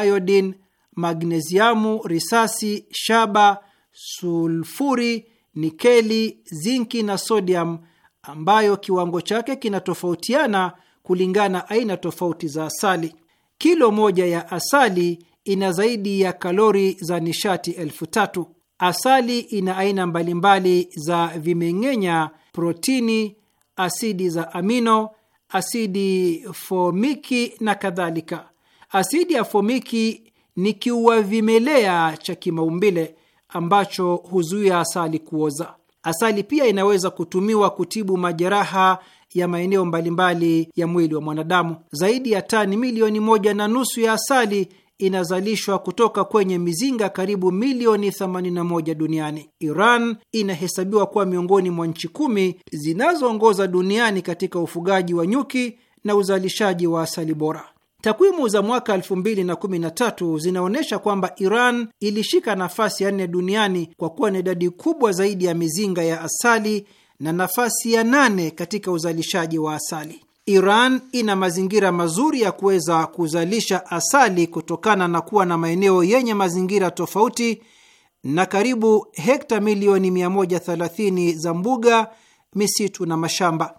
iodin, magneziamu, risasi, shaba, sulfuri, nikeli, zinki na sodium ambayo kiwango chake kinatofautiana kulingana aina tofauti za asali. Kilo moja ya asali ina zaidi ya kalori za nishati elfu tatu. Asali ina aina mbalimbali za vimeng'enya, protini, asidi za amino, asidi fomiki na kadhalika. Asidi ya fomiki ni vimelea cha kimaumbile ambacho huzuia asali kuoza. Asali pia inaweza kutumiwa kutibu majeraha ya maeneo mbalimbali ya mwili wa mwanadamu. Zaidi ya tani milioni moja na nusu ya asali inazalishwa kutoka kwenye mizinga karibu milioni 81 duniani. Iran inahesabiwa kuwa miongoni mwa nchi kumi zinazoongoza duniani katika ufugaji wa nyuki na uzalishaji wa asali bora. Takwimu za mwaka 2013 zinaonyesha kwamba Iran ilishika nafasi ya nne duniani kwa kuwa na idadi kubwa zaidi ya mizinga ya asali na nafasi ya nane katika uzalishaji wa asali. Iran ina mazingira mazuri ya kuweza kuzalisha asali kutokana na kuwa na maeneo yenye mazingira tofauti na karibu hekta milioni 130 za mbuga, misitu na mashamba.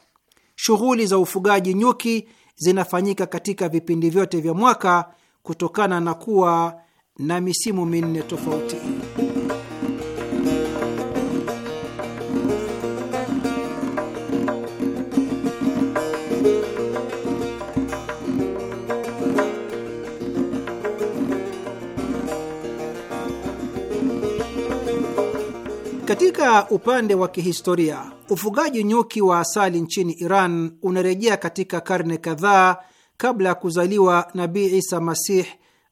Shughuli za ufugaji nyuki zinafanyika katika vipindi vyote vya mwaka kutokana na kuwa na misimu minne tofauti. Katika upande wa kihistoria, ufugaji nyuki wa asali nchini Iran unarejea katika karne kadhaa kabla ya kuzaliwa Nabii Isa Masih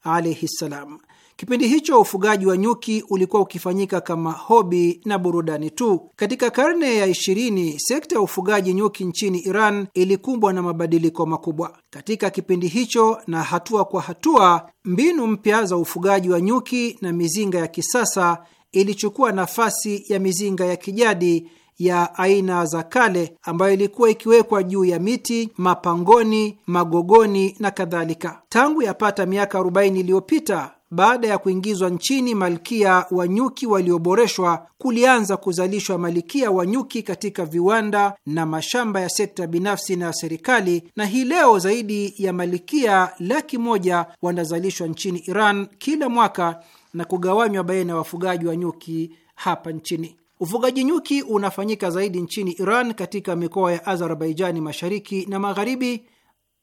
alaihi ssalam. Kipindi hicho ufugaji wa nyuki ulikuwa ukifanyika kama hobi na burudani tu. Katika karne ya ishirini, sekta ya ufugaji nyuki nchini Iran ilikumbwa na mabadiliko makubwa. Katika kipindi hicho na hatua kwa hatua, mbinu mpya za ufugaji wa nyuki na mizinga ya kisasa ilichukua nafasi ya mizinga ya kijadi ya aina za kale ambayo ilikuwa ikiwekwa juu ya miti, mapangoni, magogoni na kadhalika. Tangu yapata miaka 40 iliyopita, baada ya kuingizwa nchini malkia wa nyuki walioboreshwa, kulianza kuzalishwa malkia wa nyuki katika viwanda na mashamba ya sekta binafsi na serikali, na hii leo zaidi ya malkia laki moja wanazalishwa nchini Iran kila mwaka na kugawanywa baina ya wafugaji wa nyuki hapa nchini. Ufugaji nyuki unafanyika zaidi nchini Iran, katika mikoa ya Azerbaijani mashariki na magharibi,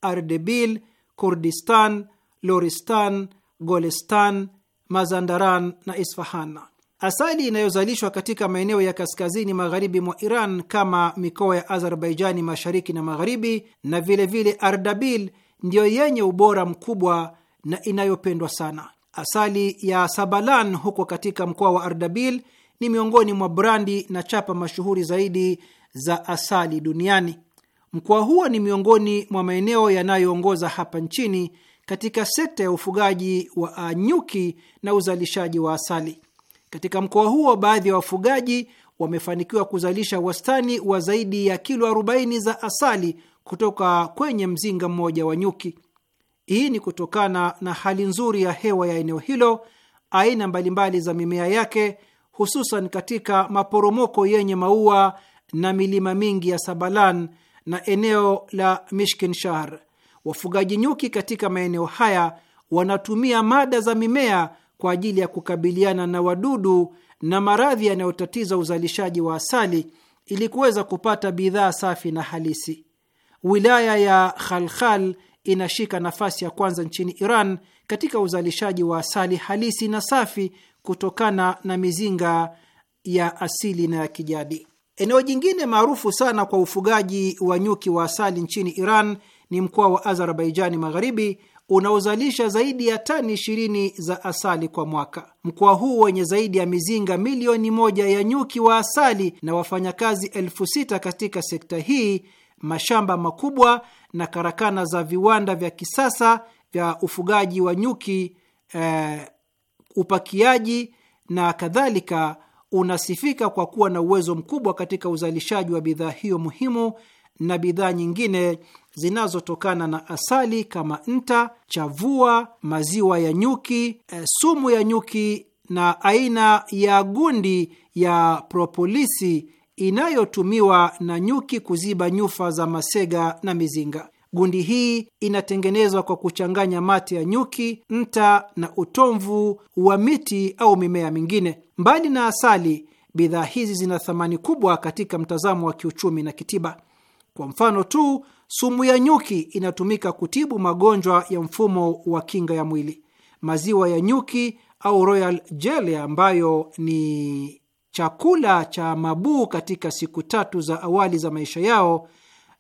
Ardebil, Kurdistan, Loristan, Golestan, Mazandaran na Isfahan. Asali inayozalishwa katika maeneo ya kaskazini magharibi mwa Iran kama mikoa ya Azerbaijani mashariki na magharibi na vilevile vile Ardabil ndiyo yenye ubora mkubwa na inayopendwa sana. Asali ya Sabalan huko katika mkoa wa Ardabil ni miongoni mwa brandi na chapa mashuhuri zaidi za asali duniani. Mkoa huo ni miongoni mwa maeneo yanayoongoza hapa nchini katika sekta ya ufugaji wa nyuki na uzalishaji wa asali. Katika mkoa huo, baadhi ya wa wafugaji wamefanikiwa kuzalisha wastani wa zaidi ya kilo 40 za asali kutoka kwenye mzinga mmoja wa nyuki. Hii ni kutokana na hali nzuri ya hewa ya eneo hilo, aina mbalimbali za mimea yake, hususan katika maporomoko yenye maua na milima mingi ya Sabalan na eneo la Mishkin Shahr. Wafugaji nyuki katika maeneo haya wanatumia mada za mimea kwa ajili ya kukabiliana na wadudu na maradhi yanayotatiza uzalishaji wa asali ili kuweza kupata bidhaa safi na halisi. Wilaya ya Khalkhal inashika nafasi ya kwanza nchini Iran katika uzalishaji wa asali halisi na safi kutokana na mizinga ya asili na ya kijadi. Eneo jingine maarufu sana kwa ufugaji wa nyuki wa asali nchini Iran ni mkoa wa Azerbaijani Magharibi unaozalisha zaidi ya tani ishirini za asali kwa mwaka. Mkoa huu wenye zaidi ya mizinga milioni moja ya nyuki wa asali na wafanyakazi elfu sita katika sekta hii mashamba makubwa na karakana za viwanda vya kisasa vya ufugaji wa nyuki, eh, upakiaji na kadhalika, unasifika kwa kuwa na uwezo mkubwa katika uzalishaji wa bidhaa hiyo muhimu na bidhaa nyingine zinazotokana na asali kama nta, chavua, maziwa ya nyuki, eh, sumu ya nyuki na aina ya gundi ya propolisi inayotumiwa na nyuki kuziba nyufa za masega na mizinga. Gundi hii inatengenezwa kwa kuchanganya mate ya nyuki, nta na utomvu wa miti au mimea mingine. Mbali na asali, bidhaa hizi zina thamani kubwa katika mtazamo wa kiuchumi na kitiba. Kwa mfano tu, sumu ya nyuki inatumika kutibu magonjwa ya mfumo wa kinga ya mwili. Maziwa ya nyuki au royal jelly ambayo ni chakula cha mabuu katika siku tatu za awali za maisha yao,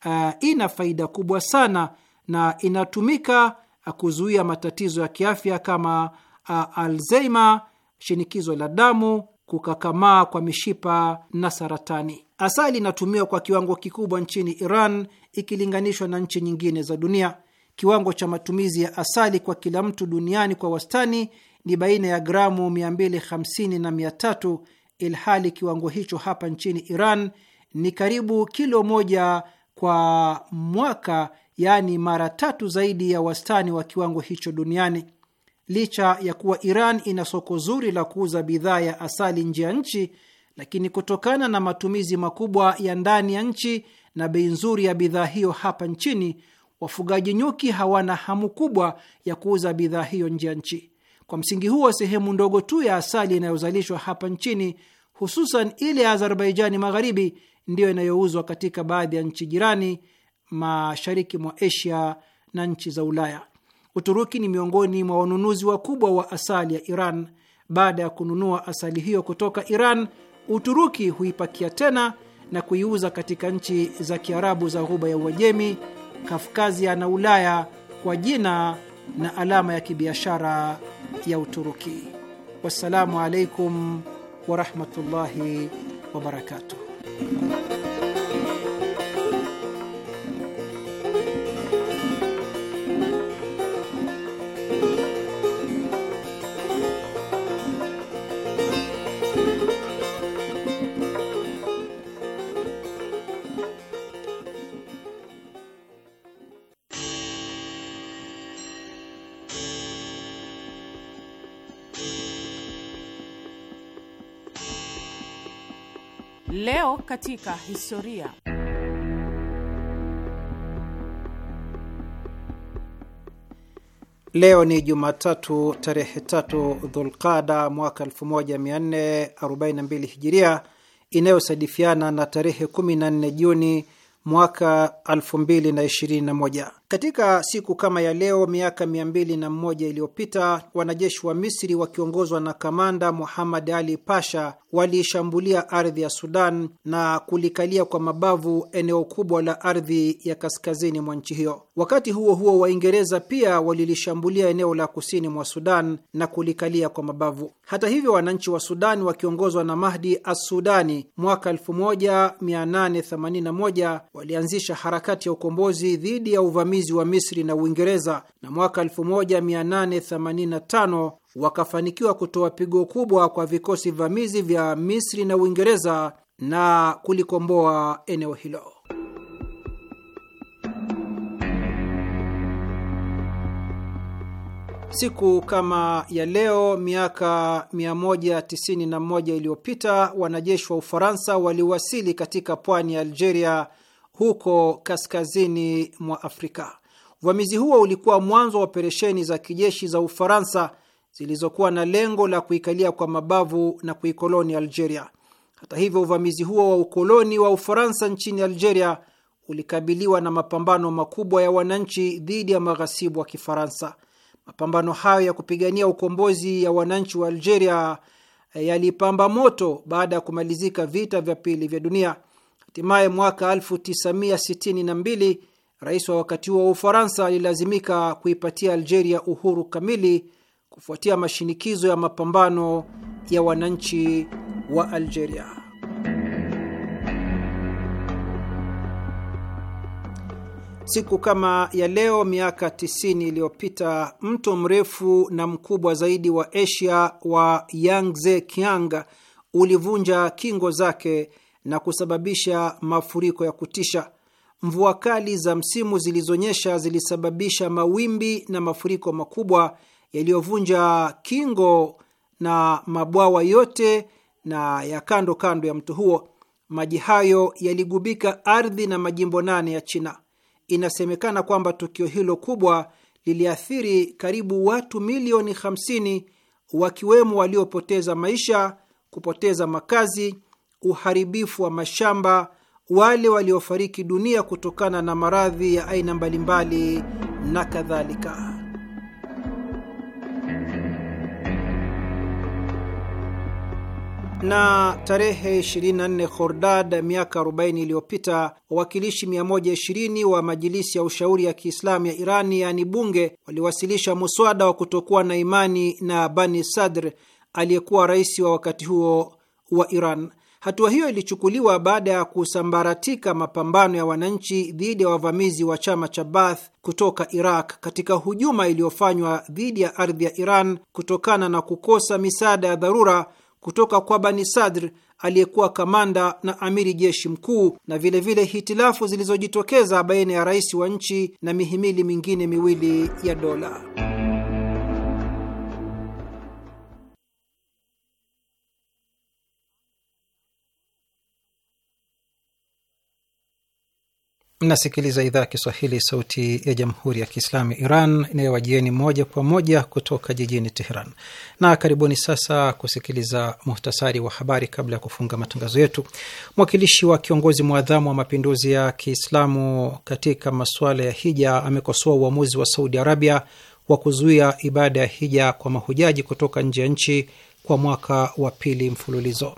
uh, ina faida kubwa sana na inatumika uh, kuzuia matatizo ya kiafya kama uh, Alzheimer, shinikizo la damu, kukakamaa kwa mishipa na saratani. Asali inatumiwa kwa kiwango kikubwa nchini Iran ikilinganishwa na nchi nyingine za dunia. Kiwango cha matumizi ya asali kwa kila mtu duniani kwa wastani ni baina ya gramu 250 na 300 ilhali kiwango hicho hapa nchini Iran ni karibu kilo moja kwa mwaka, yaani mara tatu zaidi ya wastani wa kiwango hicho duniani. Licha ya kuwa Iran ina soko zuri la kuuza bidhaa ya asali nje ya nchi, lakini kutokana na matumizi makubwa ya ndani ya nchi na bei nzuri ya bidhaa hiyo hapa nchini, wafugaji nyuki hawana hamu kubwa ya kuuza bidhaa hiyo nje ya nchi. Kwa msingi huo, sehemu ndogo tu ya asali inayozalishwa hapa nchini hususan ile ya Azerbaijani Magharibi ndiyo inayouzwa katika baadhi ya nchi jirani mashariki mwa Asia na nchi za Ulaya. Uturuki ni miongoni mwa wanunuzi wakubwa wa asali ya Iran. Baada ya kununua asali hiyo kutoka Iran, Uturuki huipakia tena na kuiuza katika nchi za Kiarabu za Ghuba ya Uajemi, Kafkazia na Ulaya kwa jina na alama ya kibiashara ya Uturuki. Wassalamu alaikum warahmatullahi wabarakatuh. Leo katika historia. Leo ni Jumatatu tarehe tatu Dhulqada mwaka 1442 Hijiria, inayosadifiana na tarehe 14 Juni mwaka 2021. Katika siku kama ya leo miaka mia mbili na mmoja iliyopita wanajeshi wa Misri wakiongozwa na kamanda Muhammad Ali Pasha waliishambulia ardhi ya Sudan na kulikalia kwa mabavu eneo kubwa la ardhi ya kaskazini mwa nchi hiyo. Wakati huo huo, Waingereza pia walilishambulia eneo la kusini mwa Sudan na kulikalia kwa mabavu. Hata hivyo, wananchi wa Sudan wakiongozwa na Mahdi assudani mwaka 1881 walianzisha harakati ya ukombozi dhidi ya uvamizi wavamizi wa Misri na Uingereza, na mwaka 1885 wakafanikiwa kutoa pigo kubwa kwa vikosi vamizi vya Misri na Uingereza na kulikomboa eneo hilo. Siku kama ya leo miaka 191 iliyopita wanajeshi wa Ufaransa waliwasili katika pwani ya Algeria huko kaskazini mwa Afrika. Uvamizi huo ulikuwa mwanzo wa operesheni za kijeshi za Ufaransa zilizokuwa na lengo la kuikalia kwa mabavu na kuikoloni Algeria. Hata hivyo, uvamizi huo wa ukoloni wa Ufaransa nchini Algeria ulikabiliwa na mapambano makubwa ya wananchi dhidi ya maghasibu wa Kifaransa. Mapambano hayo ya kupigania ukombozi ya wananchi wa Algeria eh, yalipamba moto baada ya kumalizika vita vya pili vya dunia. Hatimaye mwaka 1962 rais wa wakati huo wa Ufaransa alilazimika kuipatia Algeria uhuru kamili kufuatia mashinikizo ya mapambano ya wananchi wa Algeria. Siku kama ya leo miaka 90 iliyopita mto mrefu na mkubwa zaidi wa Asia wa Yangtze Kiang ulivunja kingo zake na kusababisha mafuriko ya kutisha. Mvua kali za msimu zilizonyesha zilisababisha mawimbi na mafuriko makubwa yaliyovunja kingo na mabwawa yote na ya kando kando ya mto huo. Maji hayo yaligubika ardhi na majimbo nane ya China. Inasemekana kwamba tukio hilo kubwa liliathiri karibu watu milioni 50 wakiwemo waliopoteza maisha, kupoteza makazi uharibifu wa mashamba, wale waliofariki dunia kutokana na maradhi ya aina mbalimbali na kadhalika. na tarehe 24 Khordad miaka 40 iliyopita wawakilishi 120 wa majilisi ya ushauri ya Kiislamu ya Irani yaani bunge waliwasilisha muswada wa kutokuwa na imani na Bani Sadr aliyekuwa rais wa wakati huo wa Iran. Hatua hiyo ilichukuliwa baada ya kusambaratika mapambano ya wananchi dhidi ya wavamizi wa chama cha Baath kutoka Iraq katika hujuma iliyofanywa dhidi ya ardhi ya Iran kutokana na kukosa misaada ya dharura kutoka kwa Bani Sadr aliyekuwa kamanda na amiri jeshi mkuu na vilevile vile hitilafu zilizojitokeza baina ya rais wa nchi na mihimili mingine miwili ya dola. Mnasikiliza idhaa ya Kiswahili, sauti ya jamhuri ya kiislamu ya Iran inayowajieni moja kwa moja kutoka jijini Teheran. Na karibuni sasa kusikiliza muhtasari wa habari kabla ya kufunga matangazo yetu. Mwakilishi wa kiongozi mwadhamu wa mapinduzi ya Kiislamu katika masuala ya hija amekosoa uamuzi wa Saudi Arabia wa kuzuia ibada ya hija kwa mahujaji kutoka nje ya nchi kwa mwaka wa pili mfululizo.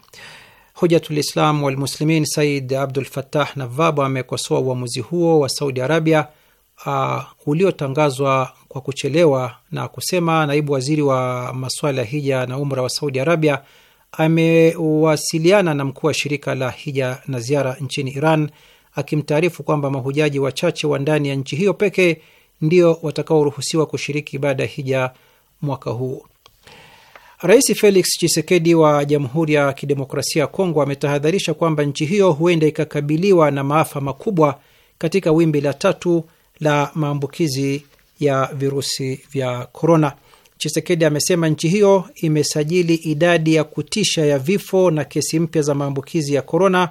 Hujatulislam Walmuslimin Said Abdul fatah Navabo amekosoa uamuzi huo wa Saudi Arabia uh, uliotangazwa kwa kuchelewa na kusema naibu waziri wa masuala ya hija na umra wa Saudi Arabia amewasiliana na mkuu wa shirika la hija na ziara nchini Iran akimtaarifu kwamba mahujaji wachache wa ndani ya nchi hiyo pekee ndio watakaoruhusiwa kushiriki ibada ya hija mwaka huu. Rais Felix Tshisekedi wa Jamhuri ya Kidemokrasia ya Kongo ametahadharisha kwamba nchi hiyo huenda ikakabiliwa na maafa makubwa katika wimbi la tatu la maambukizi ya virusi vya korona. Chisekedi amesema nchi hiyo imesajili idadi ya kutisha ya vifo na kesi mpya za maambukizi ya korona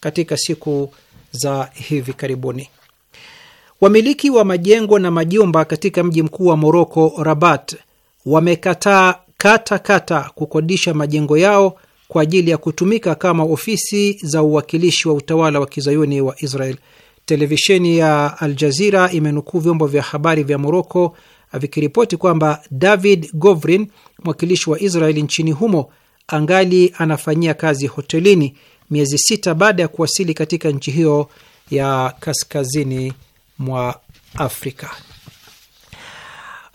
katika siku za hivi karibuni. Wamiliki wa majengo na majumba katika mji mkuu wa Moroko, Rabat, wamekataa kata kata kukodisha majengo yao kwa ajili ya kutumika kama ofisi za uwakilishi wa utawala wa kizayuni wa Israel. Televisheni ya Al imenukuu vyombo vya habari vya Moroko vikiripoti kwamba David Govrin, mwakilishi wa Israel nchini humo, angali anafanyia kazi hotelini miezi sita baada ya kuwasili katika nchi hiyo ya kaskazini mwa Afrika.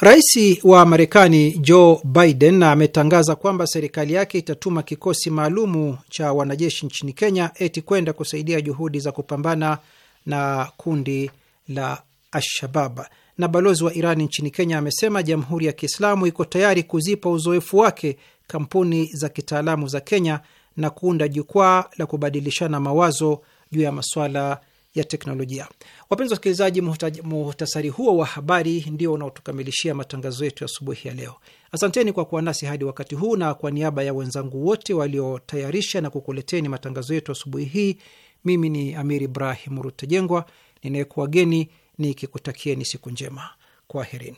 Rais wa Marekani Joe Biden ametangaza kwamba serikali yake itatuma kikosi maalumu cha wanajeshi nchini Kenya eti kwenda kusaidia juhudi za kupambana na kundi la Alshabab. Na balozi wa Iran nchini Kenya amesema Jamhuri ya Kiislamu iko tayari kuzipa uzoefu wake kampuni za kitaalamu za Kenya na kuunda jukwaa la kubadilishana mawazo juu ya masuala ya teknolojia. Wapenzi wasikilizaji, muhtasari huo wa habari ndio unaotukamilishia matangazo yetu asubuhi ya leo. Asanteni kwa kuwa nasi hadi wakati huu, na kwa niaba ya wenzangu wote waliotayarisha na kukuleteni matangazo yetu asubuhi hii, mimi ni Amir Ibrahim Rutajengwa ninayekuwageni nikikutakieni siku njema. Kwaherini.